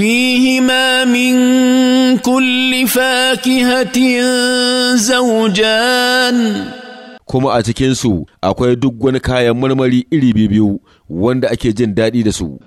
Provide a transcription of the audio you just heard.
فيهما من كل فاكهة kuma a cikinsu akwai duk wani kayan marmari iri biyu wanda ake jin daɗi da su.